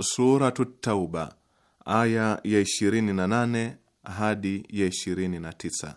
Suratu Tauba aya ya 28 hadi ya 29. na tisa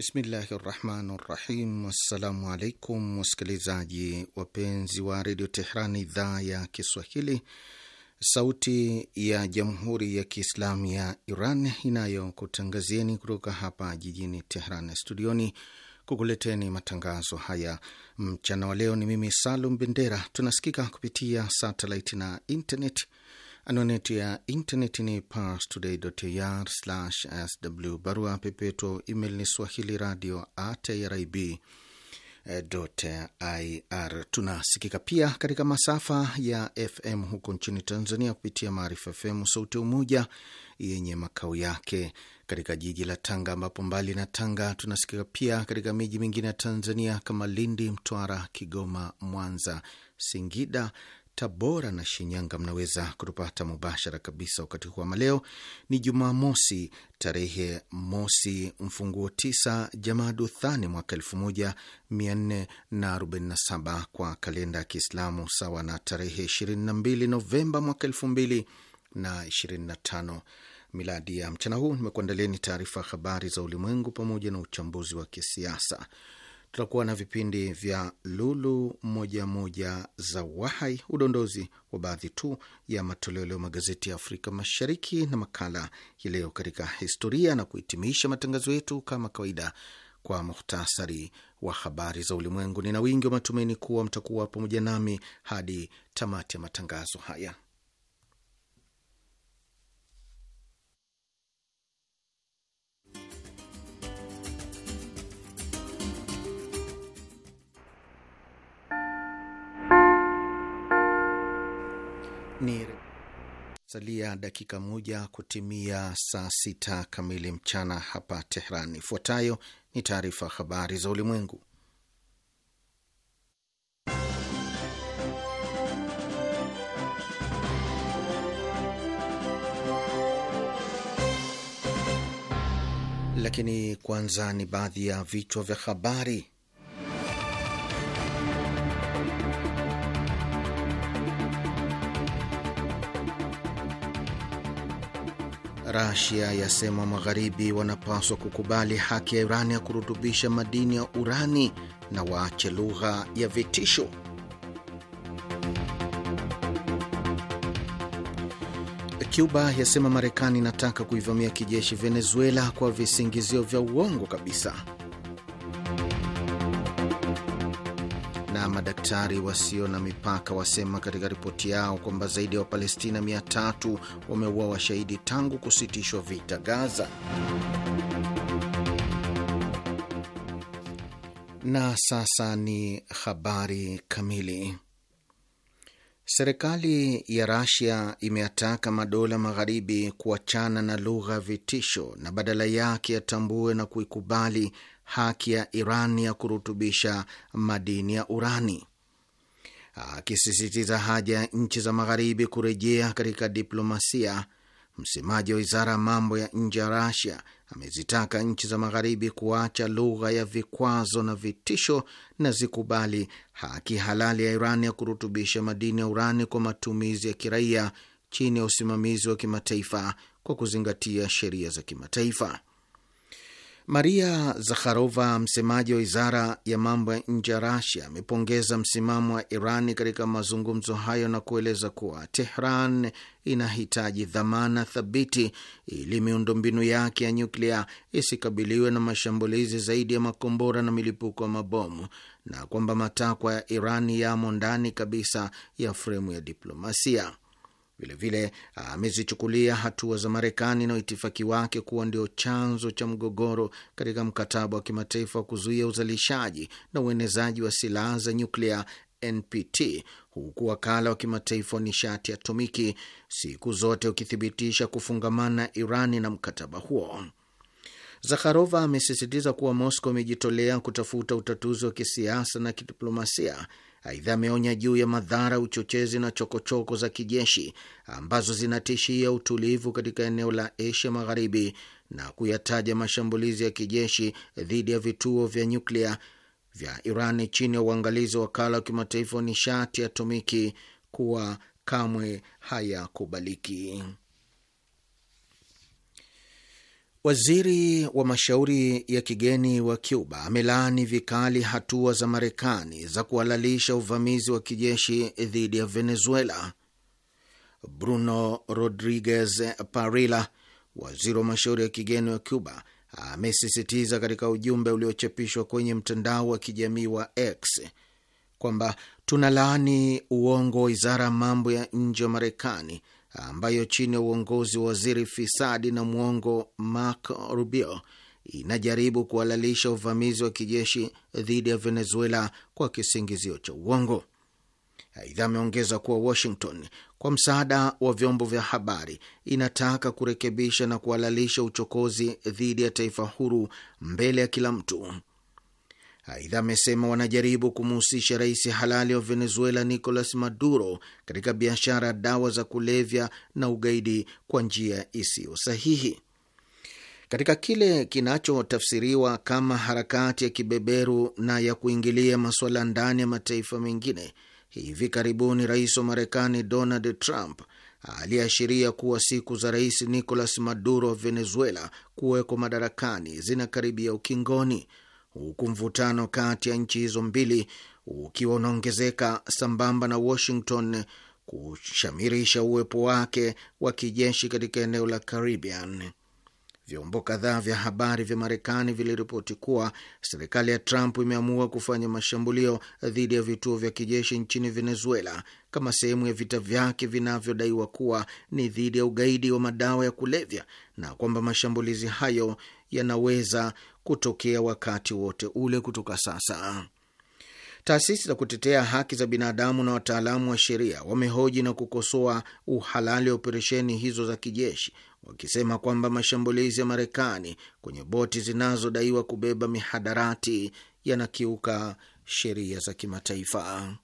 Bismillahi rahmani rahim. Assalamu alaikum wasikilizaji wapenzi wa redio Tehran, idhaa ya Kiswahili, sauti ya jamhuri ya kiislamu ya Iran inayokutangazieni kutoka hapa jijini Tehran studioni kukuleteni matangazo haya mchana wa leo. Ni mimi Salum Bendera. Tunasikika kupitia satelit na intaneti. Anwani ya intaneti ni parstoday.ir/sw, barua pepeto email ni swahili radio at irib ir. Tunasikika pia katika masafa ya FM huko nchini Tanzania kupitia Maarifa FM Sauti ya Umoja yenye makao yake katika jiji la Tanga, ambapo mbali na Tanga tunasikika pia katika miji mingine ya Tanzania kama Lindi, Mtwara, Kigoma, Mwanza, Singida Tabora na Shinyanga mnaweza kutupata mubashara kabisa wakati huu ama. Leo ni Jumamosi tarehe mosi mfunguo tisa Jamadu Thani mwaka elfu moja mia nne na arobaini na saba kwa kalenda ya Kiislamu, sawa na tarehe ishirini na mbili Novemba mwaka elfu mbili na ishirini na tano miladi. Ya mchana huu nimekuandalieni taarifa habari za ulimwengu pamoja na uchambuzi wa kisiasa tutakuwa na vipindi vya lulu moja moja za Wahai, udondozi wa baadhi tu ya matoleo leo magazeti ya Afrika Mashariki na makala ya leo katika historia, na kuhitimisha matangazo yetu kama kawaida kwa muhtasari wa habari za ulimwengu. Nina wingi wa matumaini kuwa mtakuwa pamoja nami hadi tamati ya matangazo haya. Niri. Salia dakika moja kutimia saa sita kamili mchana hapa Tehran. Ifuatayo ni taarifa habari za ulimwengu, lakini kwanza ni baadhi ya vichwa vya habari. Rasia yasema magharibi wanapaswa kukubali haki ya Irani ya kurutubisha madini ya urani na waache lugha ya vitisho. Cuba yasema Marekani inataka kuivamia kijeshi Venezuela kwa visingizio vya uongo kabisa. Madaktari Wasio na Mipaka wasema katika ripoti yao kwamba zaidi ya wa Wapalestina 3 wameua washahidi tangu kusitishwa vita Gaza. Na sasa ni habari kamili. Serikali ya Rasia imeataka madola magharibi kuachana na lugha ya vitisho na badala yake yatambue na kuikubali haki ya Iran ya kurutubisha madini ya urani, akisisitiza haja ya nchi za magharibi kurejea katika diplomasia. Msemaji wa wizara ya mambo ya nje ya Rasia amezitaka nchi za magharibi kuacha lugha ya vikwazo na vitisho na zikubali haki halali ya Iran ya kurutubisha madini ya urani kwa matumizi ya kiraia chini ya usimamizi wa kimataifa kwa kuzingatia sheria za kimataifa. Maria Zakharova, msemaji wa wizara ya mambo ya nje ya Rasia, amepongeza msimamo wa Iran katika mazungumzo hayo na kueleza kuwa Tehran inahitaji dhamana thabiti ili miundombinu yake ya nyuklia isikabiliwe na mashambulizi zaidi ya makombora na milipuko ya mabomu na kwamba matakwa ya Iran yamo ndani kabisa ya fremu ya diplomasia. Vilevile ah, amezichukulia hatua za Marekani na uitifaki wake kuwa ndio chanzo cha mgogoro katika mkataba wa kimataifa wa kuzuia uzalishaji na uenezaji wa silaha za nyuklia NPT, huku wakala wa kimataifa wa nishati atomiki siku zote ukithibitisha kufungamana Irani na mkataba huo. Zakharova amesisitiza kuwa Moscow imejitolea kutafuta utatuzi wa kisiasa na kidiplomasia Aidha, ameonya juu ya madhara uchochezi na chokochoko -choko za kijeshi ambazo zinatishia utulivu katika eneo la Asia Magharibi na kuyataja mashambulizi ya kijeshi dhidi ya vituo vya nyuklia vya Iran chini ya uangalizi wa wakala wa kimataifa wa nishati ya atomiki kuwa kamwe hayakubaliki. Waziri wa mashauri ya kigeni wa Cuba amelaani vikali hatua za Marekani za kuhalalisha uvamizi wa kijeshi dhidi ya Venezuela. Bruno Rodriguez parila waziri wa mashauri ya kigeni wa Cuba, amesisitiza katika ujumbe uliochapishwa kwenye mtandao wa kijamii wa X kwamba tunalaani uongo wa wizara ya mambo ya nje wa Marekani ambayo chini ya uongozi wa waziri fisadi na mwongo Mark Rubio inajaribu kuhalalisha uvamizi wa kijeshi dhidi ya Venezuela kwa kisingizio cha uongo. Aidha, ameongeza kuwa Washington kwa msaada wa vyombo vya habari inataka kurekebisha na kuhalalisha uchokozi dhidi ya taifa huru mbele ya kila mtu. Aidha amesema wanajaribu kumhusisha rais halali wa Venezuela Nicolas Maduro katika biashara ya dawa za kulevya na ugaidi kwa njia isiyo sahihi. Katika kile kinachotafsiriwa kama harakati ya kibeberu na ya kuingilia masuala ndani ya mataifa mengine, hivi karibuni rais wa Marekani Donald Trump aliashiria kuwa siku za rais Nicolas Maduro wa Venezuela kuwekwa madarakani zinakaribia ukingoni huku mvutano kati ya nchi hizo mbili ukiwa unaongezeka sambamba na Washington kushamirisha uwepo wake wa kijeshi katika eneo la Caribbean. Vyombo kadhaa vya habari vya Marekani viliripoti kuwa serikali ya Trump imeamua kufanya mashambulio dhidi ya vituo vya kijeshi nchini Venezuela kama sehemu ya vita vyake vinavyodaiwa kuwa ni dhidi ya ugaidi wa madawa ya kulevya na kwamba mashambulizi hayo yanaweza kutokea wakati wote ule kutoka sasa. Taasisi za kutetea haki za binadamu na wataalamu wa sheria wamehoji na kukosoa uhalali wa operesheni hizo za kijeshi, wakisema kwamba mashambulizi ya Marekani kwenye boti zinazodaiwa kubeba mihadarati yanakiuka sheria za kimataifa.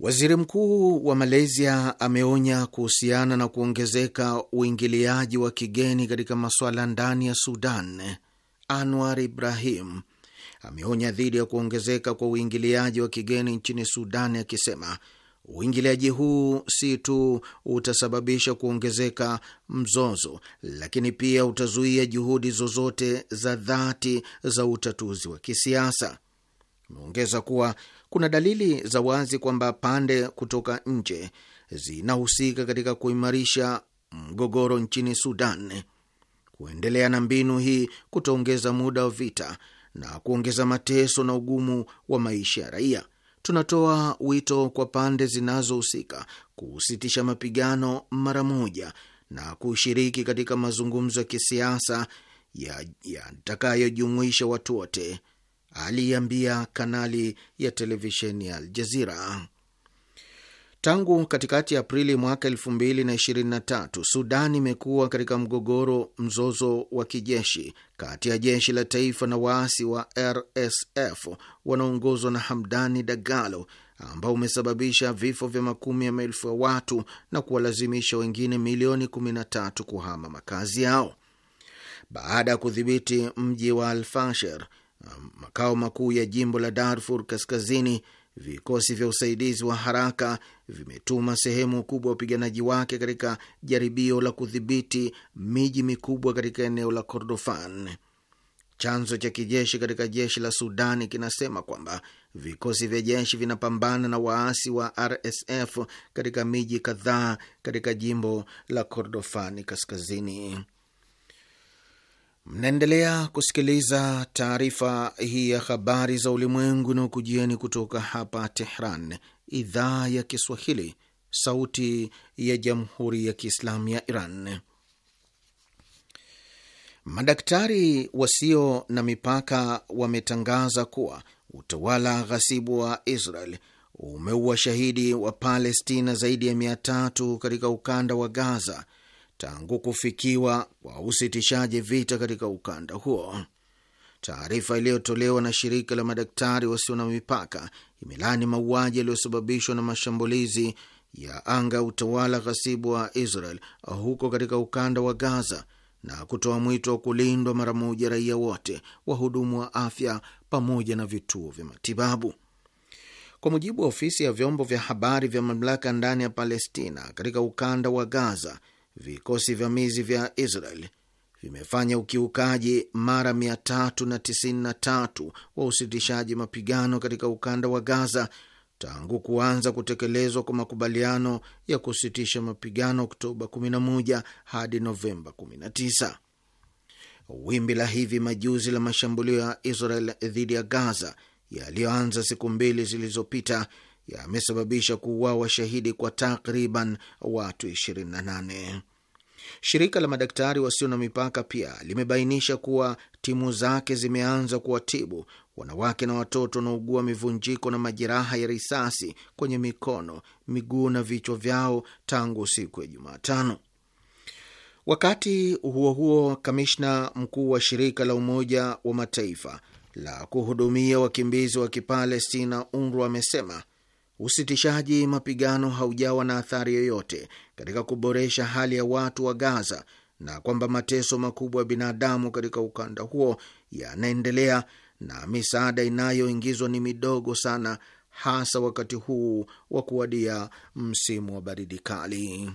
Waziri mkuu wa Malaysia ameonya kuhusiana na kuongezeka uingiliaji wa kigeni katika masuala ndani ya Sudan. Anwar Ibrahim ameonya dhidi ya kuongezeka kwa uingiliaji wa kigeni nchini Sudan, akisema uingiliaji huu si tu utasababisha kuongezeka mzozo, lakini pia utazuia juhudi zozote za dhati za utatuzi wa kisiasa. Ameongeza kuwa kuna dalili za wazi kwamba pande kutoka nje zinahusika katika kuimarisha mgogoro nchini Sudan. Kuendelea na mbinu hii kutaongeza muda wa vita na kuongeza mateso na ugumu wa maisha ya raia. Tunatoa wito kwa pande zinazohusika kusitisha mapigano mara moja na kushiriki katika mazungumzo ya kisiasa yatakayojumuisha watu wote aliiambia kanali ya televisheni ya Aljazira. Tangu katikati ya Aprili mwaka 2023 Sudan imekuwa katika mgogoro, mzozo wa kijeshi kati ya jeshi la taifa na waasi wa RSF wanaoongozwa na Hamdani Dagalo, ambao umesababisha vifo vya makumi ya maelfu ya watu na kuwalazimisha wengine milioni 13 kuhama makazi yao baada ya kudhibiti mji wa Alfasher makao makuu ya jimbo la Darfur Kaskazini, vikosi vya usaidizi wa haraka vimetuma sehemu kubwa ya wapiganaji wake katika jaribio la kudhibiti miji mikubwa katika eneo la Kordofan. Chanzo cha kijeshi katika jeshi la Sudani kinasema kwamba vikosi vya jeshi vinapambana na waasi wa RSF katika miji kadhaa katika jimbo la Kordofani Kaskazini. Mnaendelea kusikiliza taarifa hii ya habari za ulimwengu na ukujieni kutoka hapa Tehran, idhaa ya Kiswahili, sauti ya jamhuri ya kiislamu ya Iran. Madaktari wasio na mipaka wametangaza kuwa utawala ghasibu wa Israel umeua shahidi wa Palestina zaidi ya mia tatu katika ukanda wa Gaza tangu kufikiwa kwa usitishaji vita katika ukanda huo. Taarifa iliyotolewa na shirika la madaktari wasio na mipaka imelani mauaji yaliyosababishwa na mashambulizi ya anga utawala ghasibu wa Israel huko katika ukanda wa Gaza na kutoa mwito wa kulindwa mara moja raia wote, wahudumu wa afya pamoja na vituo vya matibabu. Kwa mujibu wa ofisi ya vyombo vya habari vya mamlaka ndani ya Palestina katika ukanda wa Gaza, vikosi vamizi vya Israel vimefanya ukiukaji mara 393 wa usitishaji mapigano katika ukanda wa Gaza tangu kuanza kutekelezwa kwa makubaliano ya kusitisha mapigano Oktoba 11 hadi Novemba 19. Wimbi la hivi majuzi la mashambulio ya Israel dhidi ya Gaza yaliyoanza siku mbili zilizopita yamesababisha kuuawa shahidi kwa takriban watu 28. Shirika la madaktari wasio na mipaka pia limebainisha kuwa timu zake zimeanza kuwatibu wanawake na watoto wanaougua mivunjiko na majeraha ya risasi kwenye mikono, miguu na vichwa vyao tangu siku ya Jumatano. Wakati huo huo, kamishna mkuu wa shirika la Umoja wa Mataifa la kuhudumia wakimbizi wa Kipalestina, UNRWA, amesema usitishaji mapigano haujawa na athari yoyote katika kuboresha hali ya watu wa Gaza na kwamba mateso makubwa ya binadamu katika ukanda huo yanaendelea na misaada inayoingizwa ni midogo sana, hasa wakati huu wa kuwadia msimu wa baridi kali.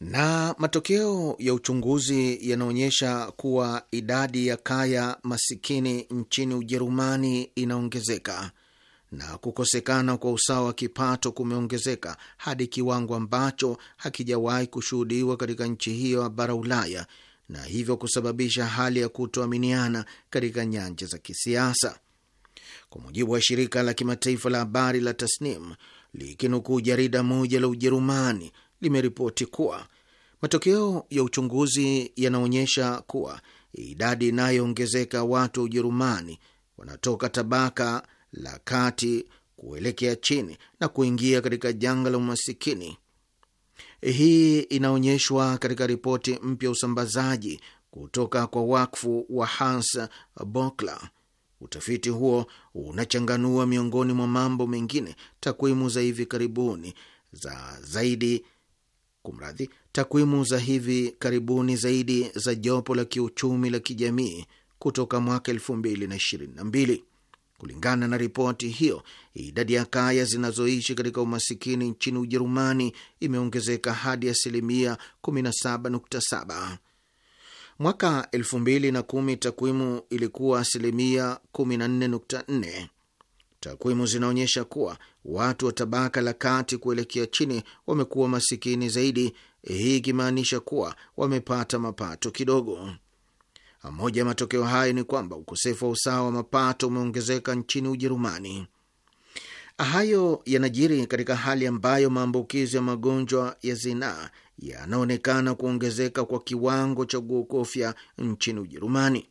Na matokeo ya uchunguzi yanaonyesha kuwa idadi ya kaya masikini nchini Ujerumani inaongezeka na kukosekana kwa usawa wa kipato kumeongezeka hadi kiwango ambacho hakijawahi kushuhudiwa katika nchi hiyo ya bara Ulaya, na hivyo kusababisha hali ya kutoaminiana katika nyanja za kisiasa. Kwa mujibu wa shirika la kimataifa la habari la Tasnim, likinukuu jarida moja la Ujerumani, limeripoti kuwa matokeo ya uchunguzi yanaonyesha kuwa idadi inayoongezeka watu wa Ujerumani wanatoka tabaka la kati kuelekea chini na kuingia katika janga la umasikini. Hii inaonyeshwa katika ripoti mpya ya usambazaji kutoka kwa wakfu wa Hans Bokla. Utafiti huo unachanganua miongoni mwa mambo mengine takwimu za hivi karibuni za zaidi kumradhi, takwimu za hivi karibuni zaidi za jopo la kiuchumi la kijamii kutoka mwaka elfu mbili na ishirini na mbili. Kulingana na ripoti hiyo, idadi ya kaya zinazoishi katika umasikini nchini Ujerumani imeongezeka hadi asilimia 17.7. Mwaka 2010 takwimu ilikuwa asilimia 14.4. Takwimu zinaonyesha kuwa watu wa tabaka la kati kuelekea chini wamekuwa masikini zaidi, hii ikimaanisha kuwa wamepata mapato kidogo. Moja ya matokeo hayo ni kwamba ukosefu wa usawa wa mapato umeongezeka nchini Ujerumani. Hayo yanajiri katika hali ambayo maambukizo ya magonjwa ya zinaa yanaonekana kuongezeka kwa kiwango cha kuogofya nchini Ujerumani.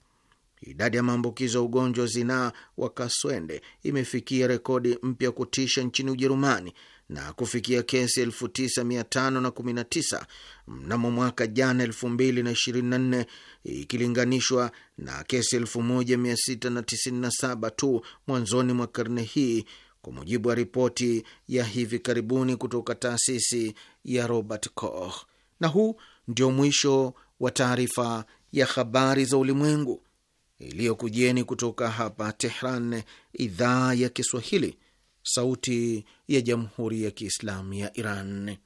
Idadi ya maambukizo ya ugonjwa wa zinaa wa kaswende imefikia rekodi mpya kutisha nchini Ujerumani na kufikia kesi 9519 mnamo mwaka jana 2024 ikilinganishwa na kesi 1697 tu mwanzoni mwa karne hii, kwa mujibu wa ripoti ya hivi karibuni kutoka taasisi ya Robert Koch. Na huu ndio mwisho wa taarifa ya habari za ulimwengu iliyokujieni kutoka hapa Tehran, idhaa ya Kiswahili, Sauti ya Jamhuri ya Kiislamu ya Iran.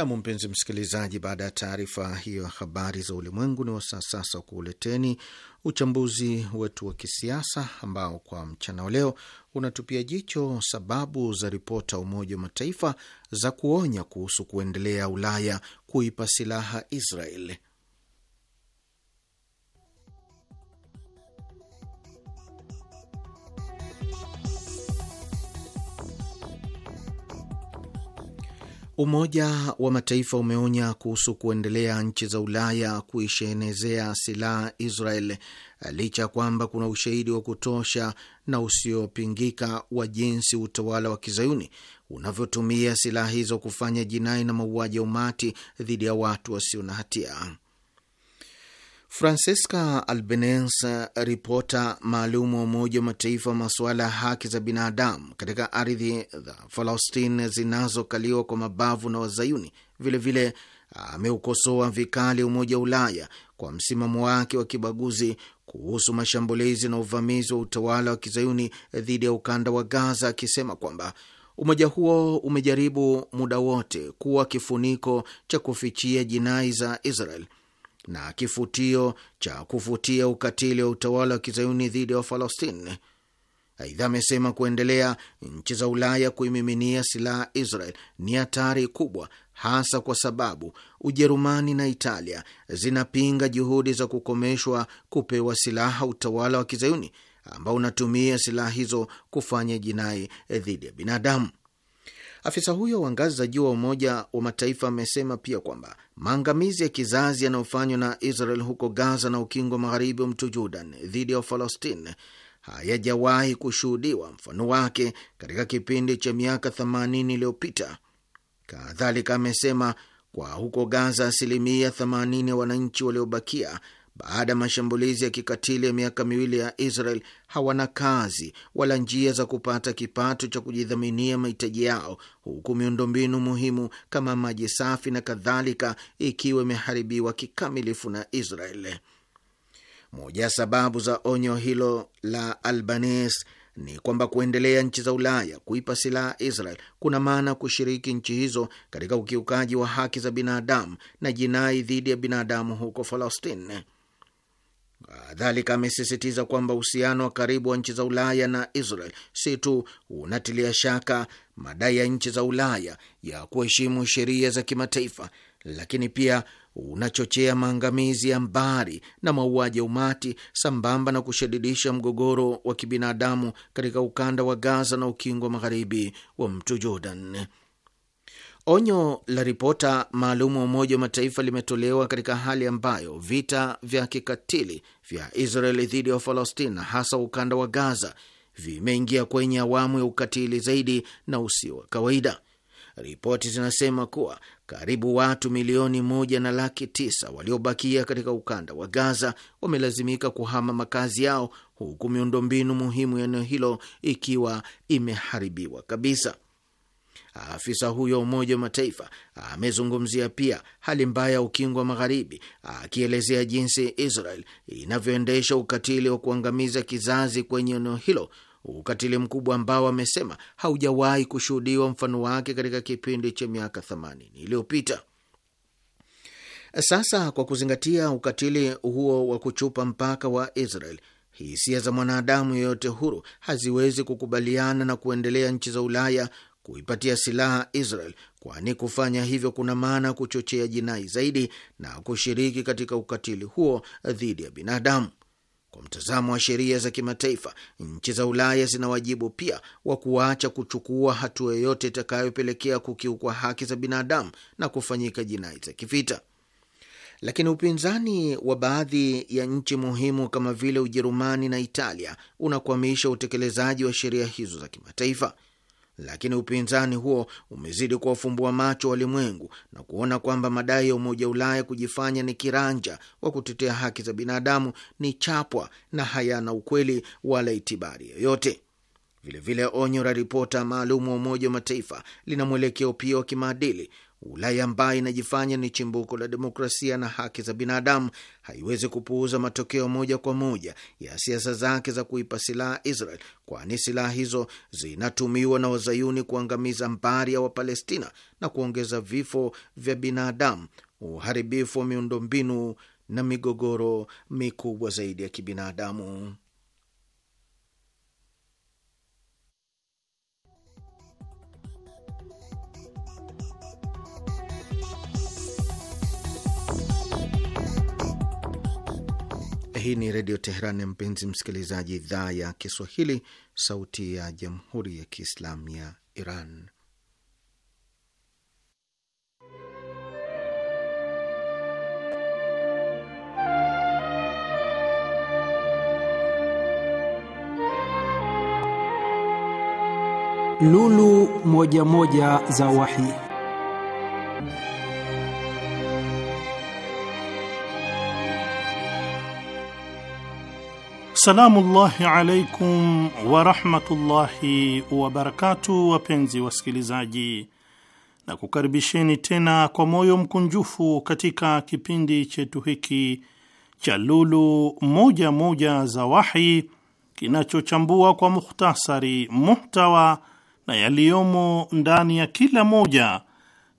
Nam, mpenzi msikilizaji, baada ya taarifa hiyo habari za ulimwengu, ni wasaa sasa wa kuuleteni uchambuzi wetu wa kisiasa ambao kwa mchana wa leo unatupia jicho sababu za ripota Umoja wa Mataifa za kuonya kuhusu kuendelea Ulaya kuipa silaha Israeli. Umoja wa Mataifa umeonya kuhusu kuendelea nchi za Ulaya kuishenezea silaha Israel licha ya kwamba kuna ushahidi wa kutosha na usiopingika wa jinsi utawala wa kizayuni unavyotumia silaha hizo kufanya jinai na mauaji ya umati dhidi ya watu wasio na hatia. Francesca Albanese, ripota maalum wa Umoja wa Mataifa wa masuala ya haki za binadamu katika ardhi za Palestina zinazokaliwa kwa mabavu na Wazayuni, vilevile ameukosoa vikali Umoja wa Ulaya kwa msimamo wake wa kibaguzi kuhusu mashambulizi na uvamizi wa utawala wa kizayuni dhidi ya ukanda wa Gaza, akisema kwamba umoja huo umejaribu muda wote kuwa kifuniko cha kufichia jinai za Israel na kifutio cha kufutia ukatili wa utawala wa kizayuni dhidi ya Wafalastini. Aidha, amesema kuendelea nchi za Ulaya kuimiminia silaha Israel ni hatari kubwa, hasa kwa sababu Ujerumani na Italia zinapinga juhudi za kukomeshwa kupewa silaha utawala wa kizayuni ambao unatumia silaha hizo kufanya jinai dhidi ya binadamu. Afisa huyo wa ngazi za juu wa Umoja wa Mataifa amesema pia kwamba maangamizi ya kizazi yanayofanywa na Israel huko Gaza na Ukingo Magharibi wa mto Jordan dhidi ya Wafalastin hayajawahi kushuhudiwa mfano wake katika kipindi cha miaka 80 iliyopita. Kadhalika amesema kwa huko Gaza asilimia 80 ya wananchi waliobakia baada ya mashambulizi ya kikatili ya miaka miwili ya Israel hawana kazi wala njia za kupata kipato cha kujidhaminia mahitaji yao, huku miundombinu muhimu kama maji safi na kadhalika ikiwa imeharibiwa kikamilifu na Israel. Moja ya sababu za onyo hilo la Albanese ni kwamba kuendelea nchi za Ulaya kuipa silaha Israel kuna maana kushiriki nchi hizo katika ukiukaji wa haki za binadamu na jinai dhidi ya binadamu huko Palestina. Kadhalika amesisitiza kwamba uhusiano wa karibu wa nchi za Ulaya na Israel si tu unatilia shaka madai ya nchi za Ulaya ya kuheshimu sheria za kimataifa, lakini pia unachochea maangamizi ya mbari na mauaji ya umati sambamba na kushadidisha mgogoro wa kibinadamu katika ukanda wa Gaza na ukingo magharibi wa mto Jordan. Onyo la ripota maalum wa Umoja wa Mataifa limetolewa katika hali ambayo vita vya kikatili vya Israeli dhidi ya Wapalestina, hasa ukanda wa Gaza, vimeingia kwenye awamu ya ukatili zaidi na usio wa kawaida. Ripoti zinasema kuwa karibu watu milioni moja na laki tisa waliobakia katika ukanda wa Gaza wamelazimika kuhama makazi yao, huku miundombinu muhimu ya eneo hilo ikiwa imeharibiwa kabisa. Afisa huyo wa Umoja wa Mataifa amezungumzia pia hali mbaya ya ukingo wa Magharibi, akielezea jinsi Israel inavyoendesha ukatili wa kuangamiza kizazi kwenye eneo hilo, ukatili mkubwa ambao amesema haujawahi kushuhudiwa mfano wake katika kipindi cha miaka 80 iliyopita. Sasa, kwa kuzingatia ukatili huo wa kuchupa mpaka wa Israel, hisia za mwanadamu yeyote huru haziwezi kukubaliana na kuendelea nchi za Ulaya kuipatia silaha Israel, kwani kufanya hivyo kuna maana kuchochea jinai zaidi na kushiriki katika ukatili huo dhidi ya binadamu. Kwa mtazamo wa sheria za kimataifa, nchi za Ulaya zina wajibu pia wa kuacha kuchukua hatua yoyote itakayopelekea kukiukwa haki za binadamu na kufanyika jinai za kivita. Lakini upinzani wa baadhi ya nchi muhimu kama vile Ujerumani na Italia unakwamisha utekelezaji wa sheria hizo za kimataifa lakini upinzani huo umezidi kuwafumbua macho walimwengu na kuona kwamba madai ya Umoja wa Ulaya kujifanya ni kiranja wa kutetea haki za binadamu ni chapwa na hayana ukweli wala itibari yoyote. Vilevile, onyo la ripota maalum wa Umoja wa Mataifa lina mwelekeo pia wa kimaadili Ulaya ambayo inajifanya ni chimbuko la demokrasia na haki za binadamu haiwezi kupuuza matokeo moja kwa moja ya siasa zake za kuipa silaha Israel, kwani silaha hizo zinatumiwa na wazayuni kuangamiza mbari ya Wapalestina na kuongeza vifo vya binadamu, uharibifu wa miundombinu na migogoro mikubwa zaidi ya kibinadamu. Hii ni Redio Teheran, mpenzi msikilizaji, idhaa ya Kiswahili, sauti ya Jamhuri ya Kiislamu ya Iran. Lulu moja moja za Wahi. Salamullahi alaikum warahmatullahi wabarakatu, wapenzi wasikilizaji, na kukaribisheni tena kwa moyo mkunjufu katika kipindi chetu hiki cha Lulu Moja Moja za Wahi kinachochambua kwa mukhtasari muhtawa na yaliyomo ndani ya kila moja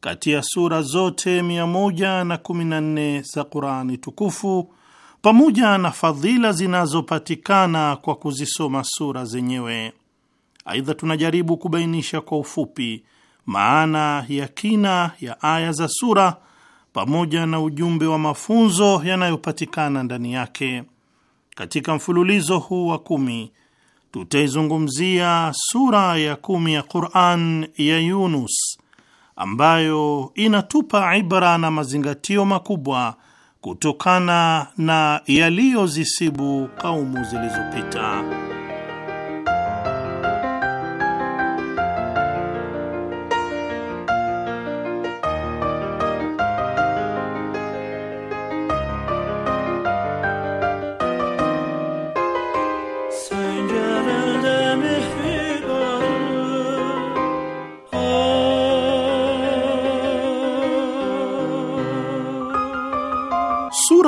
kati ya sura zote 114 za Qurani tukufu pamoja na fadhila zinazopatikana kwa kuzisoma sura zenyewe. Aidha, tunajaribu kubainisha kwa ufupi maana ya kina ya aya za sura pamoja na ujumbe wa mafunzo yanayopatikana ndani yake. Katika mfululizo huu wa kumi tutaizungumzia sura ya kumi ya Quran ya Yunus ambayo inatupa ibra na mazingatio makubwa kutokana na yaliyozisibu kaumu zilizopita.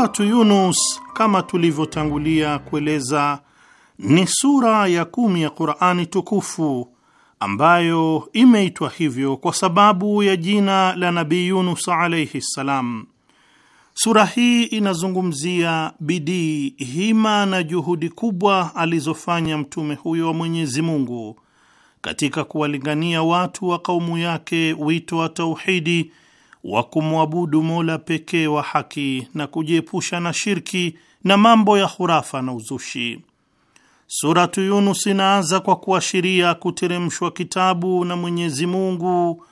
Suratu Yunus, kama tulivyotangulia kueleza, ni sura ya kumi ya Qur'ani tukufu ambayo imeitwa hivyo kwa sababu ya jina la Nabii Yunus alayhi ssalam. Sura hii inazungumzia bidii, hima na juhudi kubwa alizofanya mtume huyo wa Mwenyezi Mungu katika kuwalingania watu wa kaumu yake wito wa tauhidi wa kumwabudu Mola pekee wa haki na kujiepusha na shirki na mambo ya hurafa na uzushi. Suratu Yunus inaanza kwa kuashiria kuteremshwa kitabu na Mwenyezi Mungu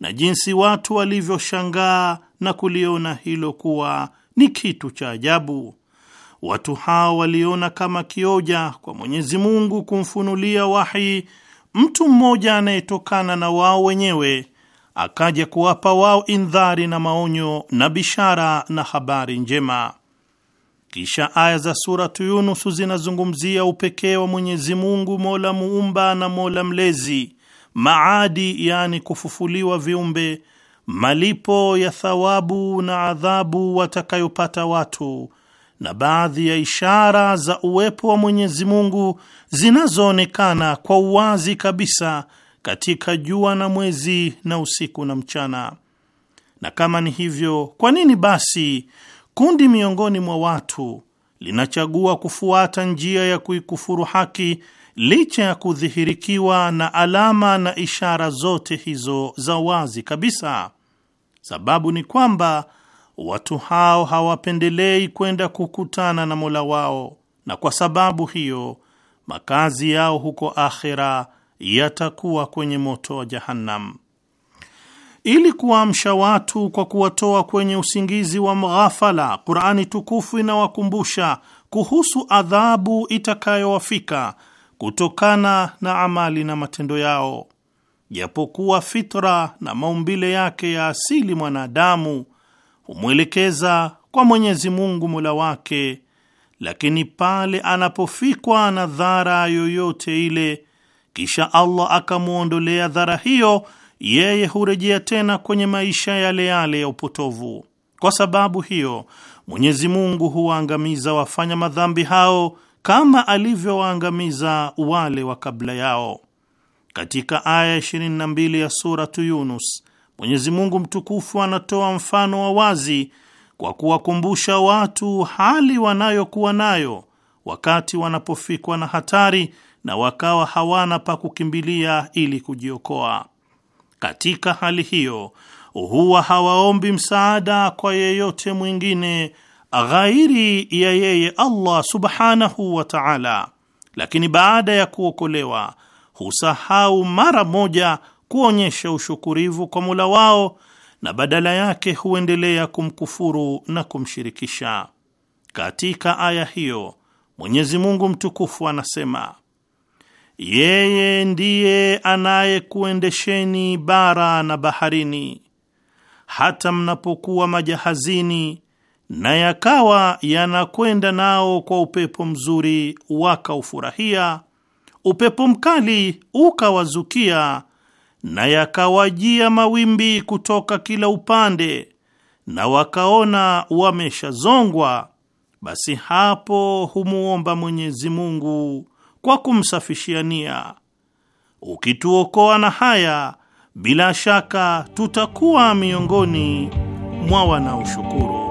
na jinsi watu walivyoshangaa na kuliona hilo kuwa ni kitu cha ajabu. Watu hao waliona kama kioja kwa Mwenyezi Mungu kumfunulia wahi mtu mmoja anayetokana na wao wenyewe akaja kuwapa wao indhari na maonyo na bishara na habari njema. Kisha aya za Suratu Yunusu zinazungumzia upekee wa Mwenyezi Mungu, mola muumba na mola mlezi, maadi yani kufufuliwa viumbe, malipo ya thawabu na adhabu watakayopata watu na baadhi ya ishara za uwepo wa Mwenyezi Mungu zinazoonekana kwa uwazi kabisa katika jua na mwezi na usiku na mchana. Na kama ni hivyo, kwa nini basi kundi miongoni mwa watu linachagua kufuata njia ya kuikufuru haki licha ya kudhihirikiwa na alama na ishara zote hizo za wazi kabisa? Sababu ni kwamba watu hao hawapendelei kwenda kukutana na Mola wao, na kwa sababu hiyo makazi yao huko akhera yatakuwa kwenye moto wa Jahannam. Ili kuwaamsha watu kwa kuwatoa kwenye usingizi wa mghafala, Qur'ani tukufu inawakumbusha kuhusu adhabu itakayowafika kutokana na amali na matendo yao. Japokuwa fitra na maumbile yake ya asili mwanadamu humwelekeza kwa Mwenyezi Mungu Mola wake, lakini pale anapofikwa na dhara yoyote ile kisha Allah akamwondolea dhara hiyo, yeye hurejea tena kwenye maisha yale yale ya upotovu. Kwa sababu hiyo Mwenyezi Mungu huwaangamiza wafanya madhambi hao kama alivyowaangamiza wale wa kabla yao. Katika aya 22 ya suratu Yunus, Mwenyezi Mungu mtukufu anatoa mfano wa wazi kwa kuwakumbusha watu hali wanayokuwa nayo wakati wanapofikwa na hatari na wakawa hawana pa kukimbilia ili kujiokoa. Katika hali hiyo, huwa hawaombi msaada kwa yeyote mwingine ghairi ya yeye Allah subhanahu wa ta'ala, lakini baada ya kuokolewa husahau mara moja kuonyesha ushukurivu kwa mula wao na badala yake huendelea kumkufuru na kumshirikisha. Katika aya hiyo Mwenyezi Mungu mtukufu anasema: yeye ndiye anayekuendesheni bara na baharini, hata mnapokuwa majahazini, na yakawa yanakwenda nao kwa upepo mzuri, wakaufurahia. Upepo mkali ukawazukia, na yakawajia mawimbi kutoka kila upande, na wakaona wameshazongwa, basi hapo humuomba Mwenyezi Mungu kwa kumsafishia nia. Ukituokoa na haya, bila shaka tutakuwa miongoni mwa wanaoshukuru.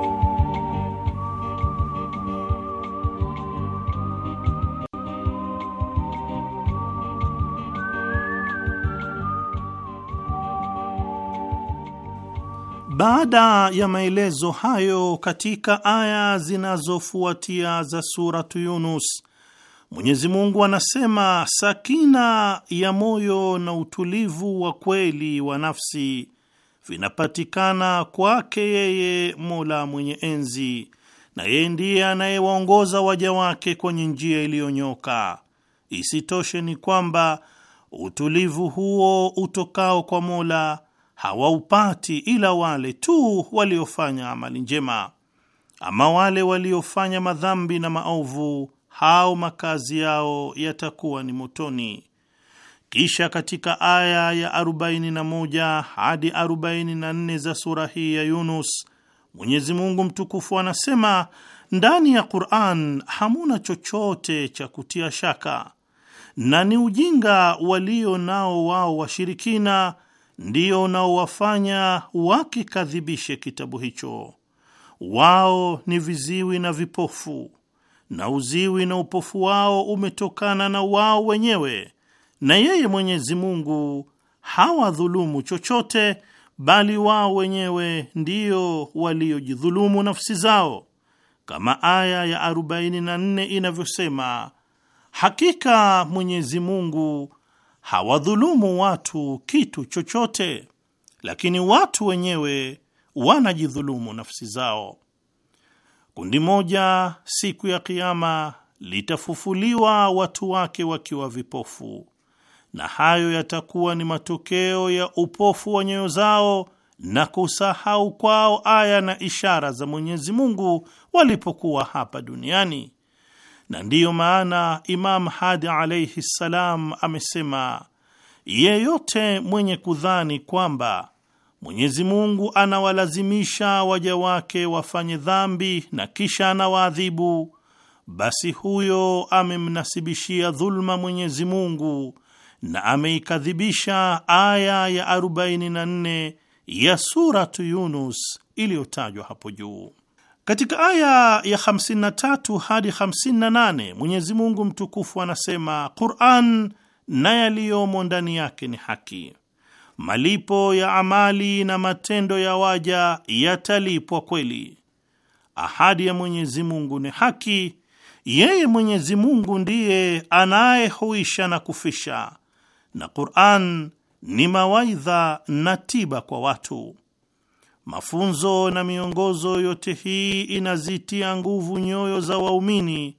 Baada ya maelezo hayo katika aya zinazofuatia za Suratu Yunus, Mwenyezi Mungu anasema sakina ya moyo na utulivu wa kweli wa nafsi vinapatikana kwake yeye Mola mwenye enzi, na yeye ndiye anayewaongoza waja wake kwenye njia iliyonyoka. Isitoshe ni kwamba utulivu huo utokao kwa Mola hawaupati ila wale tu waliofanya amali njema. Ama wale waliofanya madhambi na maovu hao makazi yao yatakuwa ni motoni. Kisha katika aya ya 41 hadi 44 za sura hii ya Yunus, Mwenyezi Mungu mtukufu anasema ndani ya Qur'an hamuna chochote cha kutia shaka, na ni ujinga walio nao wao washirikina ndio unaowafanya wakikadhibishe kitabu hicho. Wao ni viziwi na vipofu na uziwi na upofu wao umetokana na wao wenyewe, na yeye Mwenyezi Mungu hawadhulumu chochote, bali wao wenyewe ndio waliojidhulumu nafsi zao, kama aya ya 44 inavyosema, hakika Mwenyezi Mungu hawadhulumu watu kitu chochote, lakini watu wenyewe wanajidhulumu nafsi zao. Kundi moja siku ya Kiama litafufuliwa watu wake wakiwa vipofu, na hayo yatakuwa ni matokeo ya upofu wa nyoyo zao na kusahau kwao aya na ishara za Mwenyezi Mungu walipokuwa hapa duniani. Na ndiyo maana Imam Hadi alaihi ssalam amesema, yeyote mwenye kudhani kwamba Mwenyezi Mungu anawalazimisha waja wake wafanye dhambi na kisha anawaadhibu, basi huyo amemnasibishia dhulma Mwenyezi Mungu na ameikadhibisha aya ya 44 ya Suratu Yunus iliyotajwa hapo juu. Katika aya ya 53 hadi 58 Mwenyezi Mungu mtukufu anasema, Qur'an na yaliyomo ndani yake ni haki malipo ya amali na matendo ya waja yatalipwa kweli. Ahadi ya Mwenyezi Mungu ni haki. Yeye Mwenyezi Mungu ndiye anayehuisha na kufisha, na Qur'an ni mawaidha na tiba kwa watu. Mafunzo na miongozo yote hii inazitia nguvu nyoyo za waumini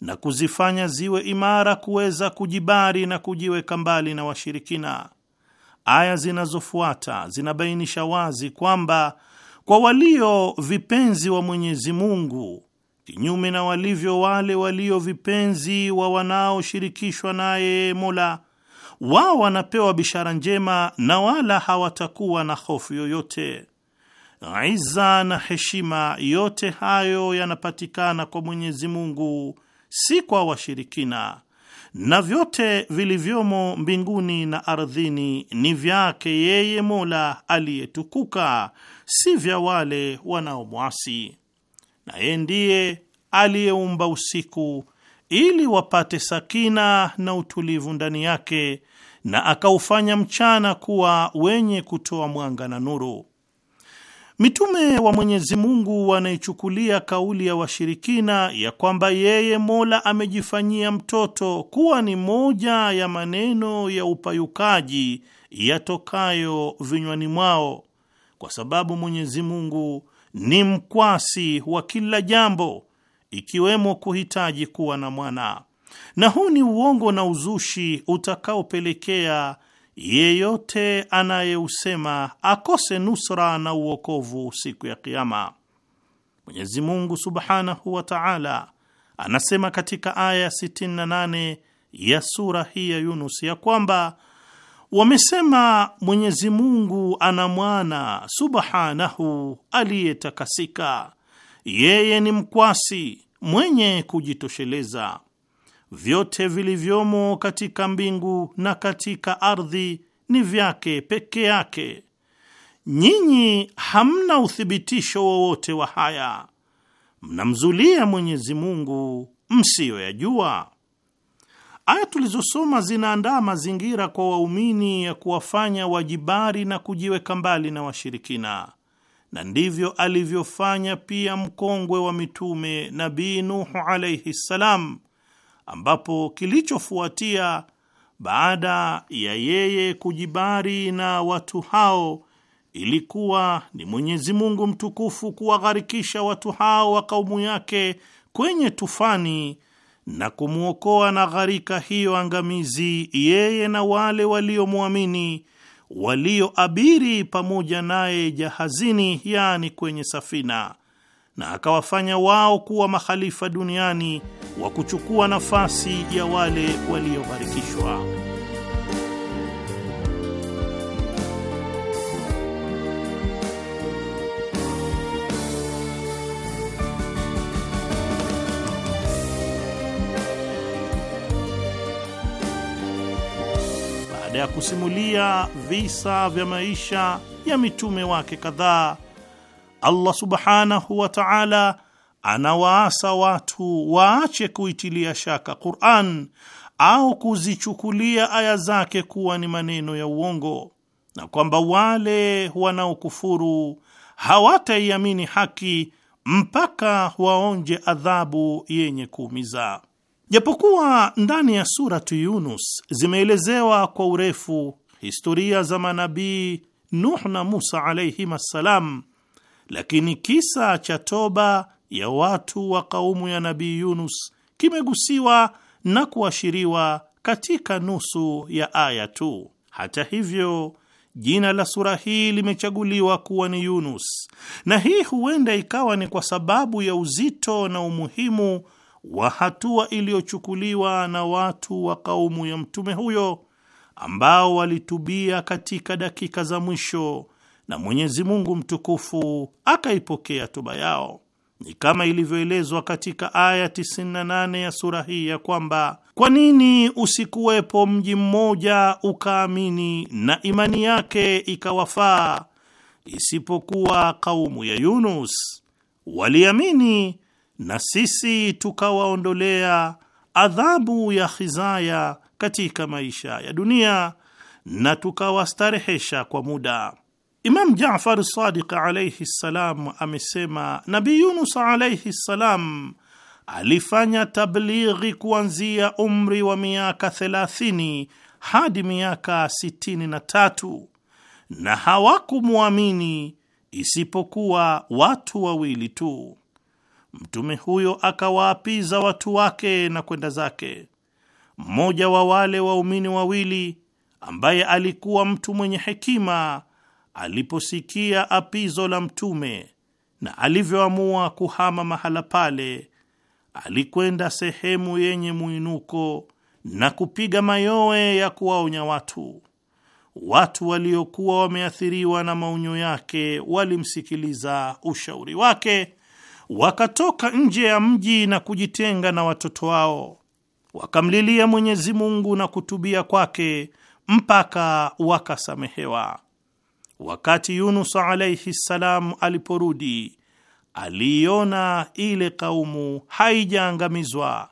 na kuzifanya ziwe imara kuweza kujibari na kujiweka mbali na washirikina. Aya zinazofuata zinabainisha wazi kwamba kwa walio vipenzi wa Mwenyezi Mungu, kinyume na walivyo wale walio vipenzi wa wanaoshirikishwa naye Mola wao, wanapewa bishara njema na wala hawatakuwa na hofu yoyote. Iza na heshima yote hayo yanapatikana kwa Mwenyezi Mungu, si kwa washirikina na vyote vilivyomo mbinguni na ardhini ni vyake yeye Mola aliyetukuka, si vya wale wanaomwasi. Na yeye ndiye aliyeumba usiku ili wapate sakina na utulivu ndani yake, na akaufanya mchana kuwa wenye kutoa mwanga na nuru. Mitume wa Mwenyezi Mungu wanaichukulia kauli ya washirikina ya kwamba yeye Mola amejifanyia mtoto kuwa ni moja ya maneno ya upayukaji yatokayo vinywani mwao, kwa sababu Mwenyezi Mungu ni mkwasi wa kila jambo, ikiwemo kuhitaji kuwa na mwana, na huu ni uongo na uzushi utakaopelekea yeyote anayeusema akose nusra na uokovu siku ya Kiama. Mwenyezi Mungu subhanahu wa taala anasema katika aya 68 ya sura hii ya Yunus ya kwamba wamesema Mwenyezi Mungu ana mwana subhanahu, aliyetakasika, yeye ni mkwasi mwenye kujitosheleza vyote vilivyomo katika mbingu na katika ardhi ni vyake peke yake, nyinyi hamna uthibitisho wowote wa haya, mnamzulia Mwenyezi Mungu msiyoyajua. Aya tulizosoma zinaandaa mazingira kwa waumini ya kuwafanya wajibari na kujiweka mbali na washirikina, na ndivyo alivyofanya pia mkongwe wa mitume Nabii Nuhu alaihi ssalam ambapo kilichofuatia baada ya yeye kujibari na watu hao ilikuwa ni Mwenyezi Mungu mtukufu kuwagharikisha watu hao wa kaumu yake kwenye tufani na kumwokoa na gharika hiyo angamizi, yeye na wale waliomwamini walioabiri pamoja naye jahazini, yaani kwenye safina na akawafanya wao kuwa makhalifa duniani wa kuchukua nafasi ya wale waliobarikishwa. Baada ya kusimulia visa vya maisha ya mitume wake kadhaa Allah subhanahu wa ta'ala anawaasa watu waache kuitilia shaka Qur'an au kuzichukulia aya zake kuwa ni maneno ya uongo na kwamba wale wanaokufuru hawataiamini haki mpaka waonje adhabu yenye kuumiza. Japokuwa ndani ya suratu Yunus zimeelezewa kwa urefu historia za manabii Nuh na Musa alayhim assalam lakini kisa cha toba ya watu wa kaumu ya Nabii Yunus kimegusiwa na kuashiriwa katika nusu ya aya tu. Hata hivyo, jina la sura hii limechaguliwa kuwa ni Yunus, na hii huenda ikawa ni kwa sababu ya uzito na umuhimu wa hatua iliyochukuliwa na watu wa kaumu ya mtume huyo ambao walitubia katika dakika za mwisho na Mwenyezi Mungu mtukufu akaipokea toba yao. Ni kama ilivyoelezwa katika aya 98 ya sura hii ya kwamba kwa nini usikuwepo mji mmoja ukaamini na imani yake ikawafaa isipokuwa kaumu ya Yunus? Waliamini na sisi tukawaondolea adhabu ya khizaya katika maisha ya dunia na tukawastarehesha kwa muda Imam Jafar Sadiq alaihi ssalam amesema Nabi Yunus alaihi ssalam alifanya tablighi kuanzia umri wa miaka 30 hadi miaka 63 na hawakumwamini isipokuwa watu wawili tu. Mtume huyo akawaapiza watu wake na kwenda zake. Mmoja wa wale waumini wawili ambaye alikuwa mtu mwenye hekima aliposikia apizo la Mtume na alivyoamua kuhama mahala pale, alikwenda sehemu yenye mwinuko na kupiga mayowe ya kuwaonya watu. Watu waliokuwa wameathiriwa na maonyo yake walimsikiliza ushauri wake, wakatoka nje ya mji na kujitenga na watoto wao, wakamlilia Mwenyezi Mungu na kutubia kwake mpaka wakasamehewa. Wakati Yunus alaihi ssalam aliporudi, aliiona ile kaumu haijaangamizwa,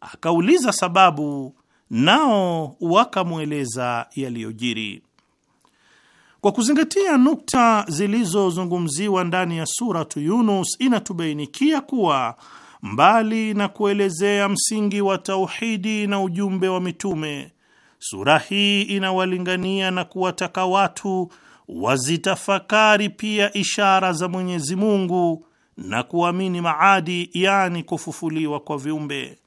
akauliza sababu, nao wakamweleza yaliyojiri. Kwa kuzingatia nukta zilizozungumziwa ndani ya suratu Yunus, inatubainikia kuwa mbali na kuelezea msingi wa tauhidi na ujumbe wa mitume, sura hii inawalingania na kuwataka watu wazitafakari pia ishara za Mwenyezi Mungu na kuamini maadi, yani kufufuliwa kwa viumbe.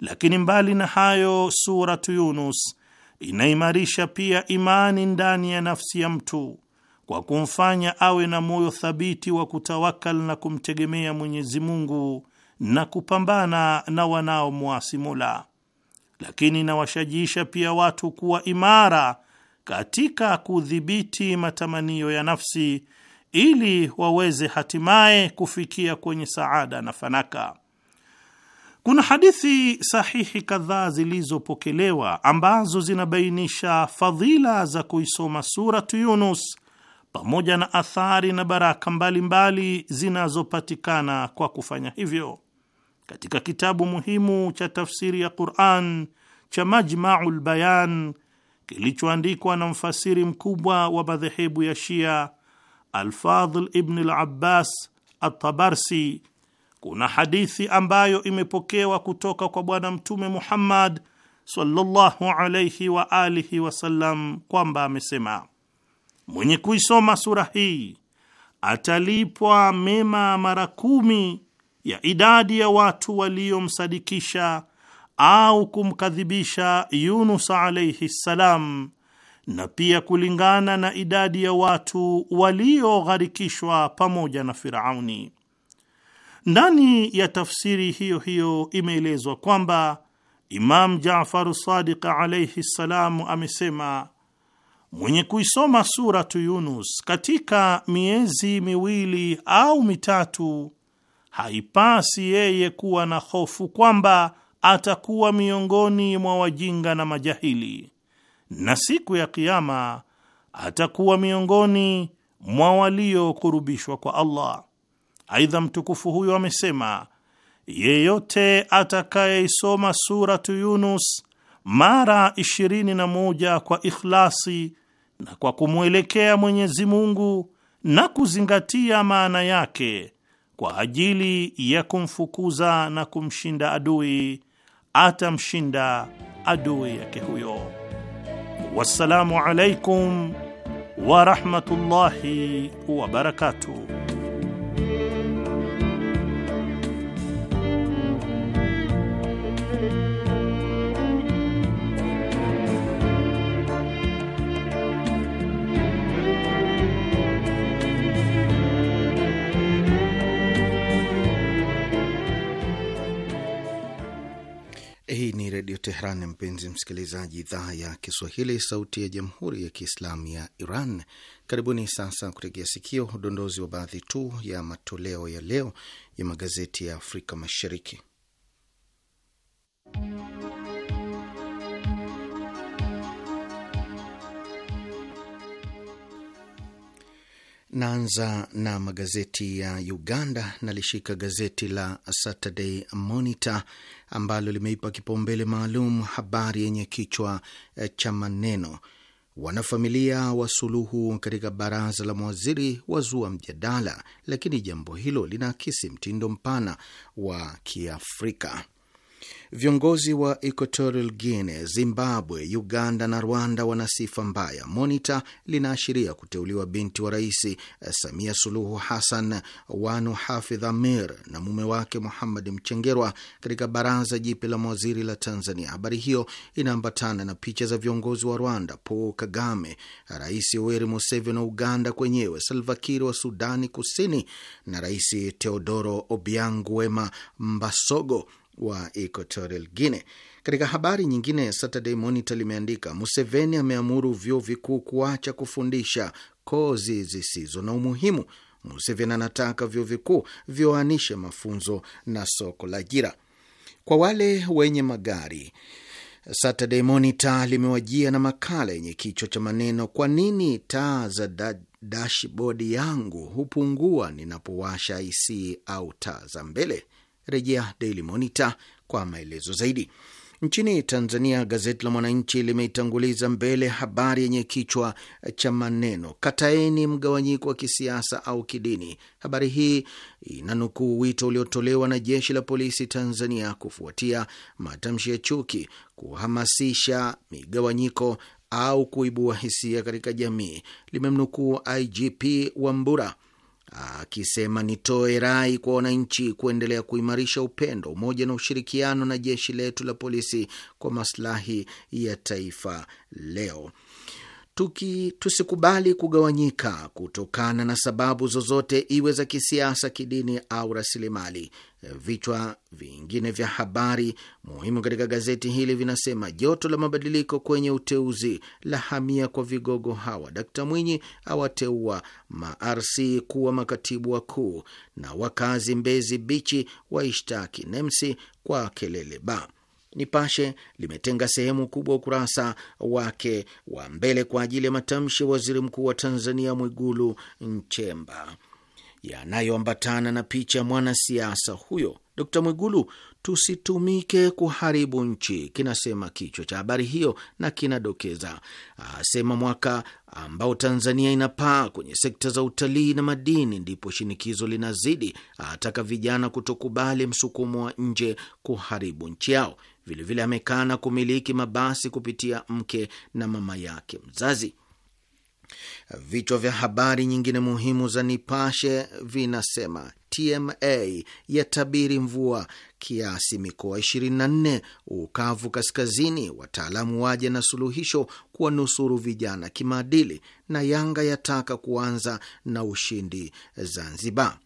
Lakini mbali na hayo, Suratu Yunus inaimarisha pia imani ndani ya nafsi ya mtu kwa kumfanya awe na moyo thabiti wa kutawakal na kumtegemea Mwenyezi Mungu na kupambana na wanaomwasi Mola, lakini inawashajiisha pia watu kuwa imara katika kudhibiti matamanio ya nafsi ili waweze hatimaye kufikia kwenye saada na fanaka. Kuna hadithi sahihi kadhaa zilizopokelewa ambazo zinabainisha fadhila za kuisoma Suratu Yunus pamoja na athari na baraka mbalimbali zinazopatikana kwa kufanya hivyo. Katika kitabu muhimu cha tafsiri ya Quran cha Majmaul Bayan kilichoandikwa na mfasiri mkubwa wa madhehebu ya Shia Alfadhl ibn Labbas Atabarsi, kuna hadithi ambayo imepokewa kutoka kwa Bwana Mtume Muhammad sallallahu alayhi wa alihi wasallam kwamba amesema, mwenye kuisoma sura hii atalipwa mema mara kumi ya idadi ya watu waliomsadikisha au kumkadhibisha Yunus alayhi ssalam, na pia kulingana na idadi ya watu waliogharikishwa pamoja na Firauni. Ndani ya tafsiri hiyo hiyo imeelezwa kwamba Imam Jafaru Sadiq alayhi ssalam amesema mwenye kuisoma Suratu Yunus katika miezi miwili au mitatu haipasi yeye kuwa na hofu kwamba atakuwa miongoni mwa wajinga na majahili, na siku ya Kiama atakuwa miongoni mwa waliokurubishwa kwa Allah. Aidha, mtukufu huyo amesema, yeyote atakayeisoma Suratu Yunus mara 21 kwa ikhlasi na kwa kumwelekea Mwenyezi Mungu na kuzingatia maana yake kwa ajili ya kumfukuza na kumshinda adui, atamshinda adui yake huyo. Wassalamu alaikum warahmatullahi wabarakatuh. Tehran. Mpenzi msikilizaji, idhaa ya Kiswahili, sauti ya jamhuri ya kiislamu ya Iran, karibuni sasa kutegea sikio udondozi wa baadhi tu ya matoleo ya leo ya magazeti ya Afrika Mashariki. Naanza na magazeti ya Uganda. Nalishika gazeti la Saturday Monitor ambalo limeipa kipaumbele maalum habari yenye kichwa eh, cha maneno wanafamilia wa Suluhu katika baraza la mawaziri wazua mjadala, lakini jambo hilo linaakisi mtindo mpana wa Kiafrika. Viongozi wa Equatorial Guinea, Zimbabwe, Uganda na Rwanda wana sifa mbaya. Monita linaashiria kuteuliwa binti wa Rais eh, Samia Suluhu Hassan, Wanu Hafidh Amir na mume wake Muhammad Mchengerwa katika baraza jipya la mawaziri la Tanzania. Habari hiyo inaambatana na picha za viongozi wa Rwanda, Paul Kagame, Rais Yoweri Museveni wa Uganda kwenyewe, Salva Kiir wa Sudani Kusini na Rais Teodoro Obiang Wema Mbasogo wa Equatorial Guinea. Katika habari nyingine, Saturday Monitor limeandika Museveni ameamuru vyuo vikuu kuacha kufundisha kozi zisizo na umuhimu. Museveni anataka vyuo vikuu vioanishe mafunzo na soko la ajira. Kwa wale wenye magari, Saturday Monitor limewajia na makala yenye kichwa cha maneno, kwa nini taa za dashbodi yangu hupungua ninapowasha IC au taa za mbele? Rejea Daily Monitor kwa maelezo zaidi. Nchini Tanzania, gazeti la Mwananchi limeitanguliza mbele habari yenye kichwa cha maneno kataeni mgawanyiko wa kisiasa au kidini. Habari hii inanukuu wito uliotolewa na jeshi la polisi Tanzania kufuatia matamshi ya chuki, kuhamasisha migawanyiko au kuibua hisia katika jamii. Limemnukuu IGP Wambura akisema nitoe rai kwa wananchi kuendelea kuimarisha upendo, umoja na ushirikiano na jeshi letu la polisi kwa maslahi ya taifa leo tuki tusikubali kugawanyika kutokana na sababu zozote, iwe za kisiasa, kidini au rasilimali. Vichwa vingine vya habari muhimu katika gazeti hili vinasema: joto la mabadiliko kwenye uteuzi la hamia kwa vigogo hawa, Dkt Mwinyi awateua marc kuwa makatibu wakuu, na wakazi Mbezi Bichi waishtaki NEMSI kwa kelele ba Nipashe limetenga sehemu kubwa ukurasa wake wa mbele kwa ajili ya matamshi ya waziri mkuu wa Tanzania Mwigulu Nchemba yanayoambatana na picha mwanasiasa huyo. Dkt Mwigulu tusitumike kuharibu nchi, kinasema kichwa cha habari hiyo, na kinadokeza asema mwaka ambao Tanzania inapaa kwenye sekta za utalii na madini, ndipo shinikizo linazidi. Ataka vijana kutokubali msukumo wa nje kuharibu nchi yao. Vilevile amekana kumiliki mabasi kupitia mke na mama yake mzazi. Vichwa vya habari nyingine muhimu za Nipashe vinasema TMA yatabiri mvua kiasi mikoa 24 Ukavu Kaskazini, wataalamu waje na suluhisho kuwanusuru vijana kimaadili, na Yanga yataka kuanza na ushindi Zanzibar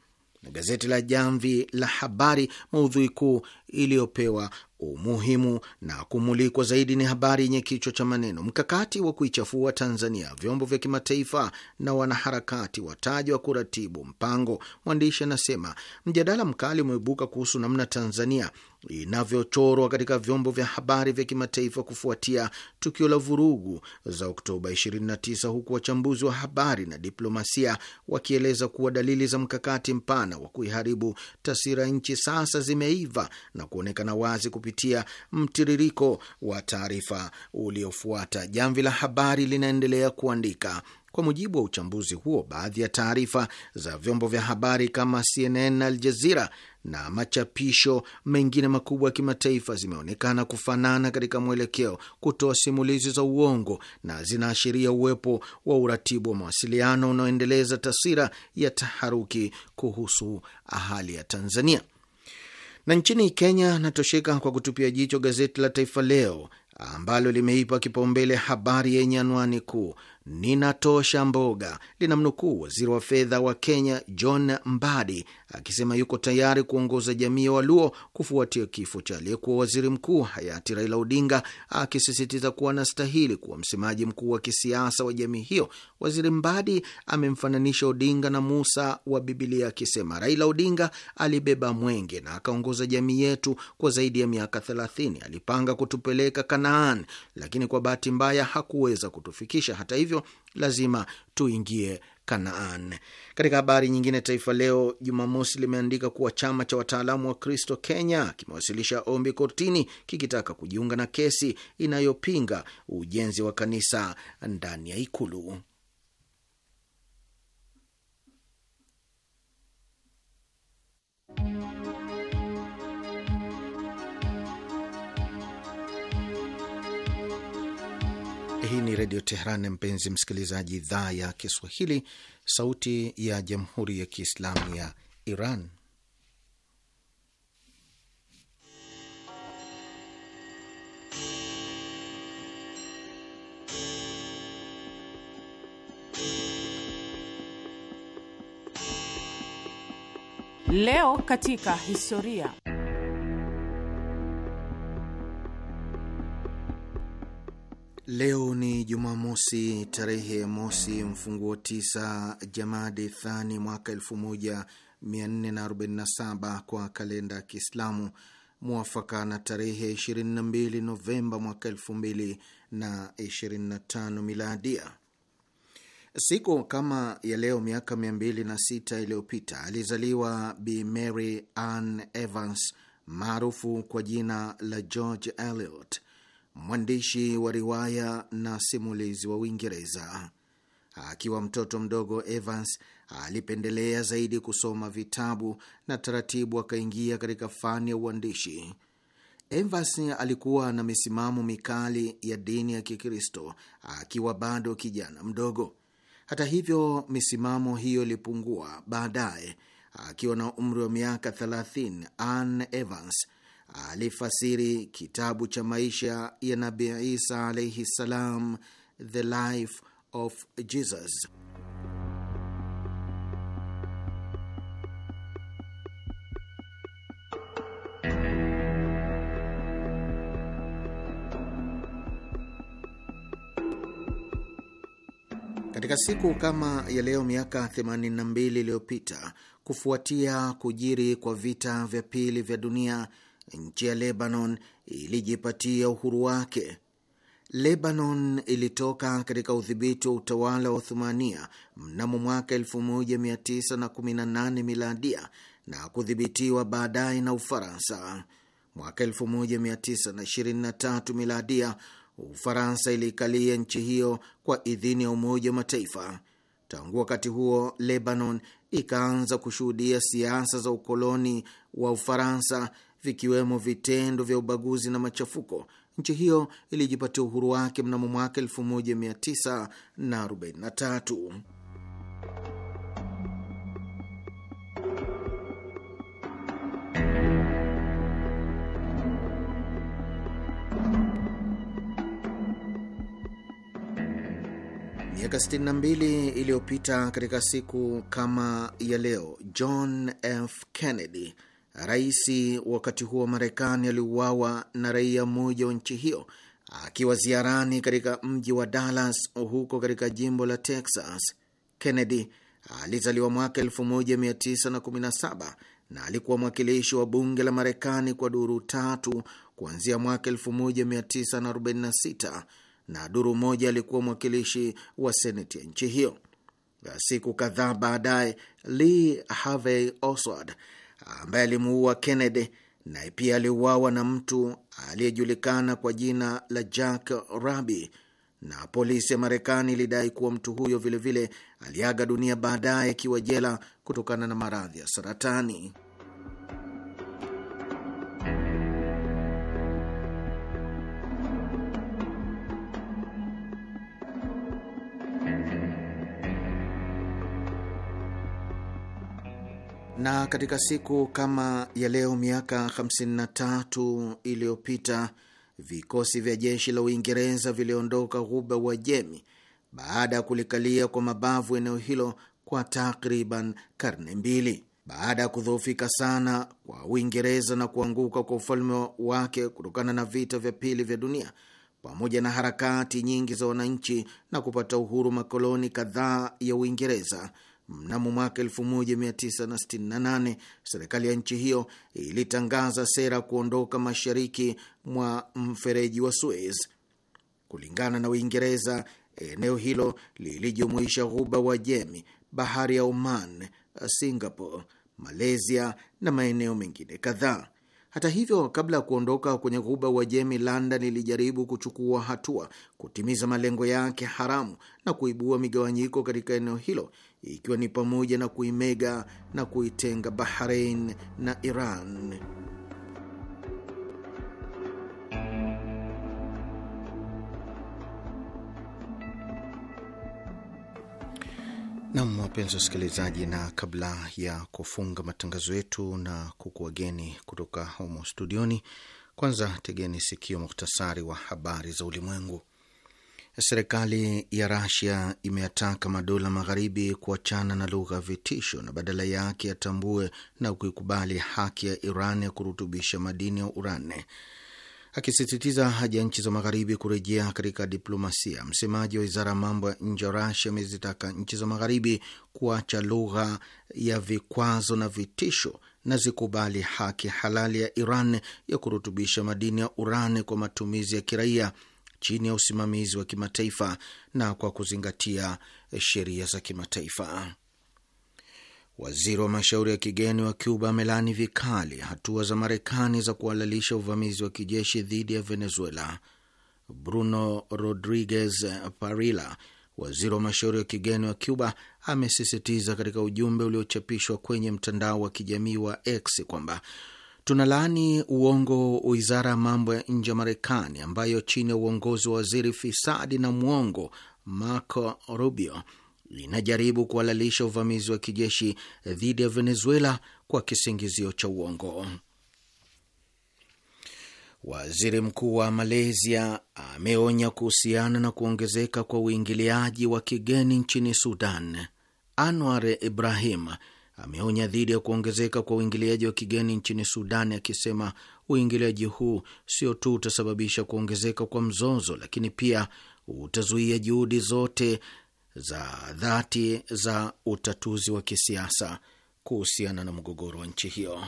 na gazeti la Jamvi la Habari, maudhui kuu iliyopewa umuhimu na kumulikwa zaidi ni habari yenye kichwa cha maneno mkakati wa kuichafua Tanzania, vyombo vya kimataifa na wanaharakati watajwa kuratibu mpango. Mwandishi anasema mjadala mkali umeibuka kuhusu namna Tanzania inavyochorwa katika vyombo vya habari vya kimataifa kufuatia tukio la vurugu za Oktoba 29 huku wachambuzi wa habari na diplomasia wakieleza kuwa dalili za mkakati mpana wa kuiharibu taswira nchi sasa zimeiva na kuonekana wazi kupitia mtiririko wa taarifa uliofuata. Jamvi la Habari linaendelea kuandika. Kwa mujibu wa uchambuzi huo, baadhi ya taarifa za vyombo vya habari kama CNN na aljazira na machapisho mengine makubwa ya kimataifa zimeonekana kufanana katika mwelekeo, kutoa simulizi za uongo na zinaashiria uwepo wa uratibu wa mawasiliano unaoendeleza taswira ya taharuki kuhusu hali ya Tanzania. Na nchini Kenya, natosheka kwa kutupia jicho gazeti la Taifa Leo ambalo limeipa kipaumbele habari yenye anwani kuu ninatosha mboga. Linamnukuu waziri wa fedha wa Kenya John Mbadi akisema yuko tayari kuongoza jamii ya Waluo kufuatia kifo cha aliyekuwa waziri mkuu hayati Raila Odinga, akisisitiza kuwa anastahili kuwa msemaji mkuu wa kisiasa wa jamii hiyo. Waziri Mbadi amemfananisha Odinga na Musa wa Bibilia akisema Raila Odinga alibeba mwenge na akaongoza jamii yetu kwa zaidi ya miaka thelathini. Alipanga kutupeleka Kanaan, lakini kwa bahati mbaya hakuweza kutufikisha. Hata hivyo, lazima tuingie Kanaan. Katika habari nyingine, Taifa Leo Jumamosi limeandika kuwa chama cha wataalamu wa Kristo Kenya kimewasilisha ombi kortini kikitaka kujiunga na kesi inayopinga ujenzi wa kanisa ndani ya Ikulu. Hii ni Redio Tehran, mpenzi msikilizaji, idhaa ya Kiswahili, sauti ya Jamhuri ya Kiislamu ya Iran. Leo katika historia Leo ni Jumamosi, tarehe mosi mfunguo tisa Jamadi Thani mwaka 1447 kwa kalenda ya Kiislamu, mwafaka na tarehe 22 Novemba mwaka 2025 miladia. Siku kama ya leo miaka 206 iliyopita alizaliwa Bi Mary Ann Evans maarufu kwa jina la George Eliot mwandishi wa riwaya na simulizi wa Uingereza. Akiwa mtoto mdogo, Evans alipendelea zaidi kusoma vitabu na taratibu akaingia katika fani ya uandishi. Evans alikuwa na misimamo mikali ya dini ya Kikristo akiwa bado kijana mdogo. Hata hivyo, misimamo hiyo ilipungua baadaye. Akiwa na umri wa miaka 30, Anne Evans alifasiri kitabu cha maisha ya Nabi Isa alaihi ssalam, The Life of Jesus. Katika siku kama ya leo miaka 82 iliyopita, kufuatia kujiri kwa vita vya pili vya dunia nchi ya Lebanon ilijipatia uhuru wake. Lebanon ilitoka katika udhibiti wa utawala wa Uthumania mnamo mwaka 1918 miladia na kudhibitiwa baadaye na Ufaransa. Mwaka 1923 miladia, Ufaransa iliikalia nchi hiyo kwa idhini ya Umoja wa Mataifa. Tangu wakati huo, Lebanon ikaanza kushuhudia siasa za ukoloni wa Ufaransa vikiwemo vitendo vya ubaguzi na machafuko. Nchi hiyo ilijipatia uhuru wake mnamo mwaka 1943. Miaka 62 iliyopita katika siku kama ya leo, John F Kennedy Rais wakati huo wa Marekani aliuawa na raia mmoja wa nchi hiyo akiwa ziarani katika mji wa Dallas huko katika jimbo la Texas. Kennedy alizaliwa mwaka 1917 na alikuwa mwakilishi wa bunge la Marekani kwa duru tatu kuanzia mwaka 1946 na duru moja alikuwa mwakilishi wa seneti ya nchi hiyo. Siku kadhaa baadaye, Lee Harvey Oswald ambaye alimuua Kennedy, naye pia aliuawa na mtu aliyejulikana kwa jina la Jack Ruby, na polisi ya Marekani ilidai kuwa mtu huyo vilevile aliaga dunia baadaye akiwa jela kutokana na maradhi ya saratani. Na katika siku kama ya leo miaka 53 iliyopita vikosi vya jeshi la Uingereza viliondoka ghuba Uajemi baada ya kulikalia kwa mabavu eneo hilo kwa takriban karne mbili. Baada ya kudhoofika sana kwa Uingereza na kuanguka kwa ufalme wake kutokana na vita vya pili vya dunia pamoja na harakati nyingi za wananchi na kupata uhuru makoloni kadhaa ya Uingereza, Mnamo mwaka 1968 serikali ya nchi hiyo ilitangaza sera kuondoka mashariki mwa mfereji wa Suez. Kulingana na Uingereza, eneo hilo lilijumuisha ghuba wa Jemi, bahari ya Oman, Singapore, Malaysia na maeneo mengine kadhaa. Hata hivyo, kabla ya kuondoka kwenye ghuba Jemi, London ilijaribu kuchukua hatua kutimiza malengo yake haramu na kuibua migawanyiko katika eneo hilo, ikiwa ni pamoja na kuimega na kuitenga Bahrain na Iran. Nam, wapenzi wasikilizaji, na kabla ya kufunga matangazo yetu na kukuwageni kutoka humo studioni, kwanza tegeni sikio muhtasari wa habari za ulimwengu. Serikali ya Rasia imeyataka madola magharibi kuachana na lugha ya vitisho na badala yake yatambue na kuikubali haki ya Iran ya kurutubisha madini ya urani akisisitiza haja ya nchi za magharibi kurejea katika diplomasia. Msemaji wa wizara ya mambo ya nje ya Rasia amezitaka nchi za magharibi kuacha lugha ya vikwazo na vitisho na zikubali haki halali ya Iran ya kurutubisha madini ya urani kwa matumizi ya kiraia chini ya usimamizi wa kimataifa na kwa kuzingatia sheria za kimataifa. Waziri wa mashauri ya kigeni wa Cuba amelaani vikali hatua za Marekani za kuhalalisha uvamizi wa kijeshi dhidi ya Venezuela. Bruno Rodriguez Parilla, waziri wa mashauri ya kigeni wa Cuba, amesisitiza katika ujumbe uliochapishwa kwenye mtandao wa kijamii wa X kwamba tunalaani uongo wizara ya mambo ya nje ya Marekani ambayo chini ya uongozi wa waziri fisadi na mwongo Marco Rubio linajaribu kuhalalisha uvamizi wa kijeshi dhidi ya Venezuela kwa kisingizio cha uongo. Waziri mkuu wa Malaysia ameonya kuhusiana na kuongezeka kwa uingiliaji wa kigeni nchini Sudan. Anwar Ibrahim ameonya dhidi ya kuongezeka kwa uingiliaji wa kigeni nchini Sudan, akisema uingiliaji huu sio tu utasababisha kuongezeka kwa mzozo, lakini pia utazuia juhudi zote za dhati za utatuzi wa kisiasa kuhusiana na mgogoro wa nchi hiyo.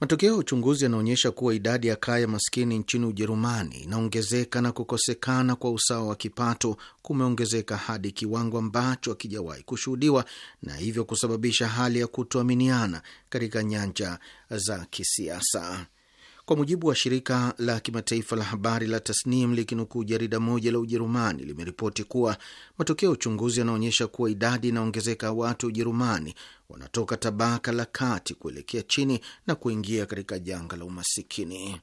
Matokeo ya uchunguzi yanaonyesha kuwa idadi ya kaya maskini nchini Ujerumani inaongezeka na kukosekana kwa usawa wa kipato kumeongezeka hadi kiwango ambacho hakijawahi kushuhudiwa na hivyo kusababisha hali ya kutoaminiana katika nyanja za kisiasa. Kwa mujibu wa shirika la kimataifa la habari la Tasnim likinukuu jarida moja la Ujerumani limeripoti kuwa matokeo ya uchunguzi yanaonyesha kuwa idadi inaongezeka watu Ujerumani wanatoka tabaka la kati kuelekea chini na kuingia katika janga la umasikini.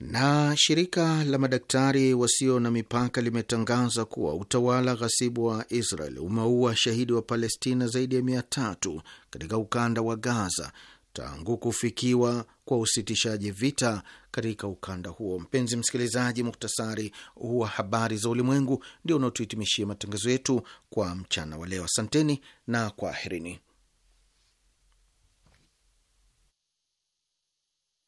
Na shirika la madaktari wasio na mipaka limetangaza kuwa utawala ghasibu wa Israel umeua shahidi wa Palestina zaidi ya mia tatu katika ukanda wa Gaza tangu kufikiwa kwa usitishaji vita katika ukanda huo. Mpenzi msikilizaji, muktasari wa habari za ulimwengu ndio unaotuhitimishia matangazo yetu kwa mchana wa leo. Asanteni na kwaherini.